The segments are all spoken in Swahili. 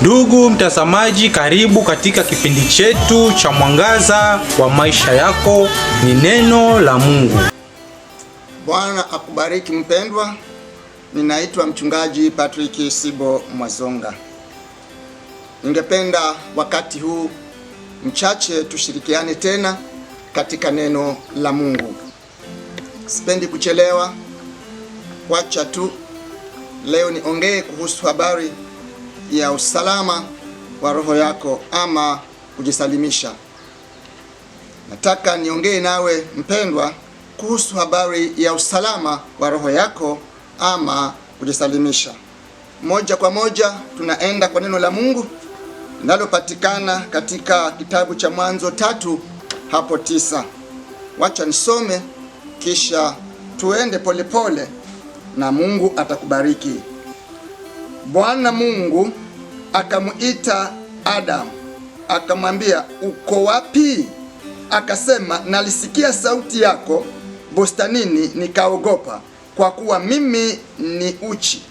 Ndugu mtazamaji, karibu katika kipindi chetu cha Mwangaza wa Maisha Yako, ni neno la Mungu. Bwana akubariki mpendwa. Ninaitwa mchungaji Patrick Sibo Mwazonga. Ningependa wakati huu mchache tushirikiane tena katika neno la Mungu. Sipendi kuchelewa, wacha tu leo niongee kuhusu habari ya usalama wa roho yako ama kujisalimisha. Nataka niongee nawe mpendwa, kuhusu habari ya usalama wa roho yako ama kujisalimisha. Moja kwa moja tunaenda kwa neno la Mungu linalopatikana katika kitabu cha Mwanzo tatu hapo tisa. Wacha nisome kisha tuende polepole pole, na Mungu atakubariki. Bwana Mungu Akamuita Adamu akamwambia, uko wapi? Akasema, nalisikia sauti yako bustanini, nikaogopa, kwa kuwa mimi ni uchi,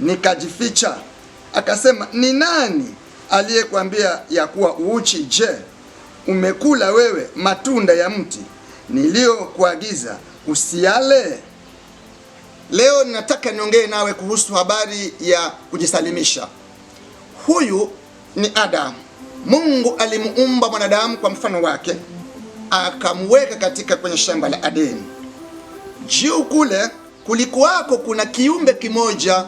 nikajificha. Akasema, ni nani aliyekwambia ya kuwa uchi? Je, umekula wewe matunda ya mti niliyokuagiza usiale? Leo nataka niongee nawe kuhusu habari ya kujisalimisha huyu ni Adamu. Mungu alimuumba mwanadamu kwa mfano wake, akamweka katika kwenye shamba la Edeni. Juu kule kulikuwako kuna kiumbe kimoja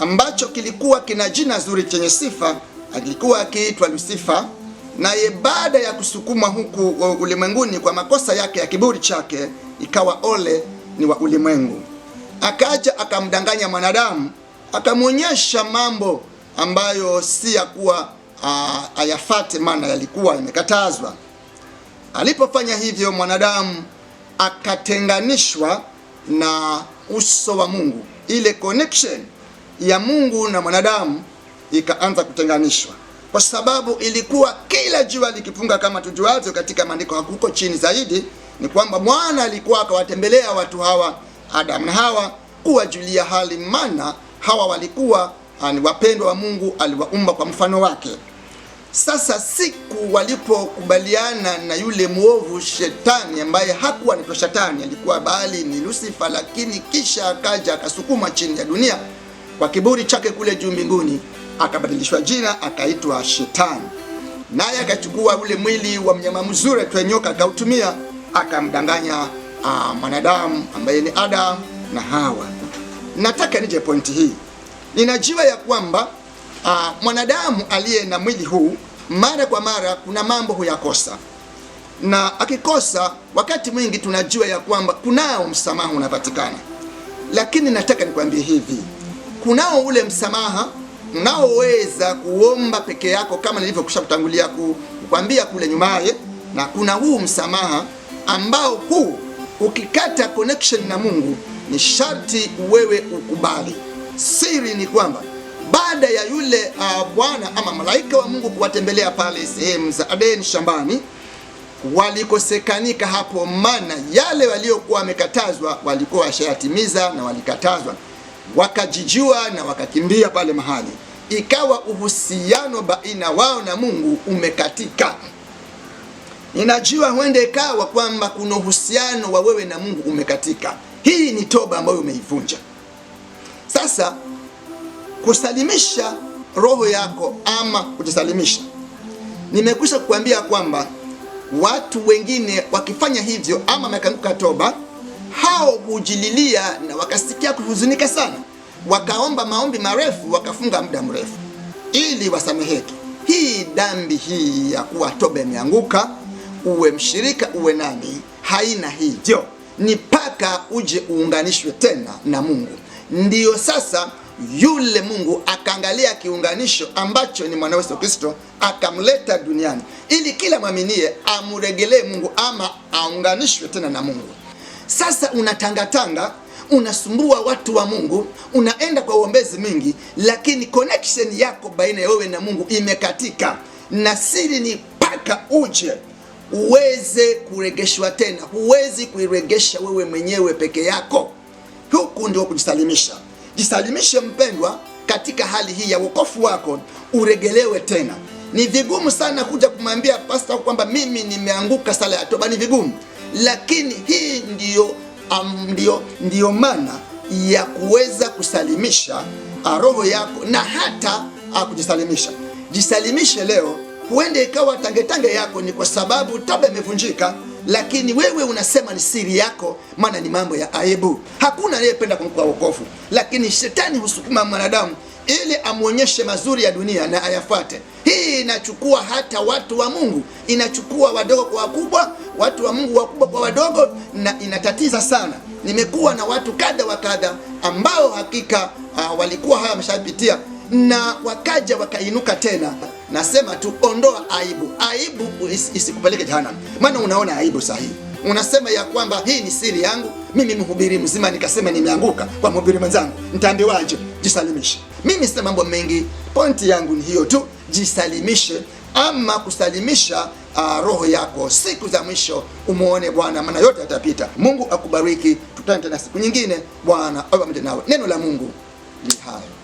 ambacho kilikuwa kina jina zuri chenye sifa, alikuwa akiitwa Lusifa. Naye baada ya kusukumwa huku wa ulimwenguni kwa makosa yake ya kiburi chake, ikawa ole ni wa ulimwengu. Akaja akamdanganya mwanadamu, akamwonyesha mambo ambayo si ya kuwa ah, ayafate, maana yalikuwa yamekatazwa. Alipofanya hivyo, mwanadamu akatenganishwa na uso wa Mungu, ile connection ya Mungu na mwanadamu ikaanza kutenganishwa, kwa sababu ilikuwa kila jua likipunga, kama tujuavyo katika maandiko hakuko chini zaidi, ni kwamba Bwana alikuwa akawatembelea watu hawa Adamu na Hawa kuwajulia hali, maana hawa walikuwa ni wapendwa wa Mungu aliwaumba kwa mfano wake. Sasa siku walipokubaliana na yule mwovu shetani, ambaye hakuwa anaitwa shetani, alikuwa bali ni Lusifa, lakini kisha akaja akasukumwa chini ya dunia kwa kiburi chake kule juu mbinguni, akabadilishwa jina akaitwa Shetani, naye akachukua ule mwili wa mnyama mzuri aitwaye nyoka akautumia, akamdanganya ah, mwanadamu ambaye ni Adamu na Hawa. Nataka nije pointi hii ninajua ya kwamba aa, ah, mwanadamu aliye na mwili huu mara kwa mara kuna mambo huyakosa, na akikosa, wakati mwingi tunajua ya kwamba kunao msamaha unapatikana, lakini nataka nikwambie hivi, kunao ule msamaha unaoweza kuomba peke yako kama nilivyokusha kutangulia kukwambia kule nyumaye, na kuna huu msamaha ambao huu ukikata connection na Mungu ni sharti wewe ukubali. Siri ni kwamba baada ya yule uh, bwana ama malaika wa Mungu kuwatembelea pale sehemu za Adeni shambani, walikosekanika hapo, maana yale waliokuwa wamekatazwa walikuwa washayatimiza na walikatazwa, wakajijua na wakakimbia pale mahali, ikawa uhusiano baina wao na Mungu umekatika. Ninajua huende ikawa kwamba kuna uhusiano wa wewe na Mungu umekatika. Hii ni toba ambayo umeivunja. Sasa kusalimisha roho yako ama kujisalimisha, nimekwisha kukuambia kwamba watu wengine wakifanya hivyo ama wamekanguka toba, hao hujililia na wakasikia kuhuzunika sana, wakaomba maombi marefu, wakafunga muda mrefu ili wasameheke. Hii dhambi hii ya kuwa toba imeanguka, uwe mshirika, uwe nani, haina hivyo, ni mpaka uje uunganishwe tena na Mungu ndiyo sasa yule Mungu akaangalia kiunganisho ambacho ni mwana Yesu Kristo akamleta duniani ili kila mwaminie amregelee Mungu ama aunganishwe tena na Mungu. Sasa unatangatanga, unasumbua watu wa Mungu, unaenda kwa uombezi mingi, lakini connection yako baina ya wewe na Mungu imekatika, na siri ni paka uje uweze kuregeshwa tena. Huwezi kuiregesha wewe mwenyewe peke yako. Huku ndio kujisalimisha. Jisalimishe mpendwa, katika hali hii ya wokovu wako uregelewe tena. Ni vigumu sana kuja kumwambia pasta kwamba mimi nimeanguka sala ya toba, ni vigumu, lakini hii ndiyo, um, ndiyo, ndiyo maana ya kuweza kusalimisha ah, roho yako na hata ah, kujisalimisha. Jisalimishe leo, huende ikawa tangetange yako ni kwa sababu toba imevunjika lakini wewe unasema ni siri yako, maana ni mambo ya aibu. Hakuna anayependa kumpa wokovu, lakini shetani husukuma mwanadamu ili amwonyeshe mazuri ya dunia na ayafate Hii inachukua hata watu wa Mungu, inachukua wadogo kwa wakubwa, watu wa Mungu wakubwa kwa wadogo, na inatatiza sana. Nimekuwa na watu kadha wa kadha ambao hakika uh, walikuwa haya wameshapitia na wakaja wakainuka tena. Nasema tu ondoa aibu, aibu isikupeleke jehanamu. Maana unaona aibu sahihi, unasema ya kwamba hii ni siri yangu mimi, mhubiri mzima nikasema nimeanguka kwa mhubiri mwenzangu, nitaambiwaje? Jisalimishe. Mimi sina mambo mengi, pointi yangu ni hiyo tu, jisalimishe ama kusalimisha uh, roho yako siku za mwisho, umuone Bwana, maana yote yatapita. Mungu akubariki, tutane tena siku nyingine. Bwana awe pamoja nawe. Neno la Mungu ni hayo.